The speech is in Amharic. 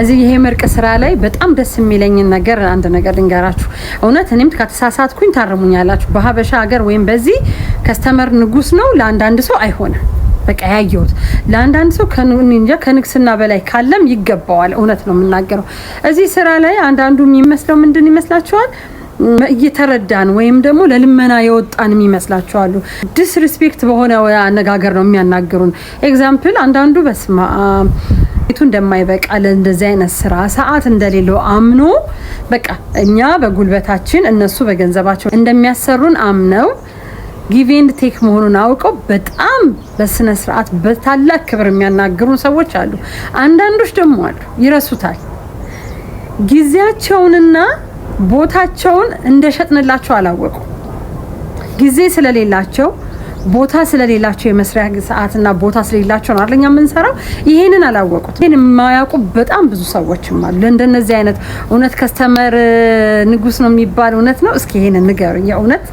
እዚህ ይሄ መርቅ ስራ ላይ በጣም ደስ የሚለኝን ነገር አንድ ነገር ልንገራችሁ። እውነት እኔም ከተሳሳትኩኝ ታርሙኛላችሁ። በሀበሻ ሀገር ወይም በዚህ ከስተመር ንጉስ ነው። ለአንዳንድ ሰው አይሆንም። በቃ ያየሁት ለአንዳንድ ሰው እንጃ ከንግስና በላይ ካለም ይገባዋል። እውነት ነው የምናገረው። እዚህ ስራ ላይ አንዳንዱ የሚመስለው ምንድን ይመስላችኋል? እየተረዳን ወይም ደግሞ ለልመና የወጣን የሚመስላችኋሉ። ዲስሪስፔክት በሆነ አነጋገር ነው የሚያናግሩን። ኤግዛምፕል አንዳንዱ በስማ ቤቱ እንደማይበቃ ለእንደዚህ አይነት ስራ ሰዓት እንደሌለው አምኖ በቃ እኛ በጉልበታችን እነሱ በገንዘባቸው እንደሚያሰሩን አምነው ጊቬንድ ቴክ መሆኑን አውቀው በጣም በስነ ስርዓት በታላቅ ክብር የሚያናግሩን ሰዎች አሉ። አንዳንዶች ደግሞ አሉ ይረሱታል። ጊዜያቸውንና ቦታቸውን እንደሸጥንላቸው አላወቁ ጊዜ ስለሌላቸው ቦታ ስለሌላቸው የመስሪያ ሰዓትና ቦታ ስለሌላቸው ነው አለኛ የምንሰራው። ይሄንን አላወቁት። ይህን የማያውቁ በጣም ብዙ ሰዎችም አሉ። እንደነዚህ አይነት እውነት ከስተመር ንጉስ ነው የሚባል እውነት ነው። እስኪ ይሄንን ንገሩኝ የእውነት